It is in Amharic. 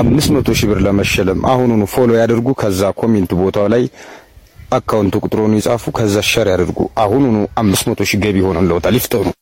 አምስት መቶ ሺህ ብር ለመሸለም አሁኑኑ ፎሎ ያደርጉ። ከዛ ኮሜንት ቦታው ላይ አካውንት ቁጥሩን ይጻፉ። ከዛ ሸር ያደርጉ። አሁኑኑ አምስት መቶ ሺህ ገቢ ሆነን ለውጣ ሊፍጠው ነው።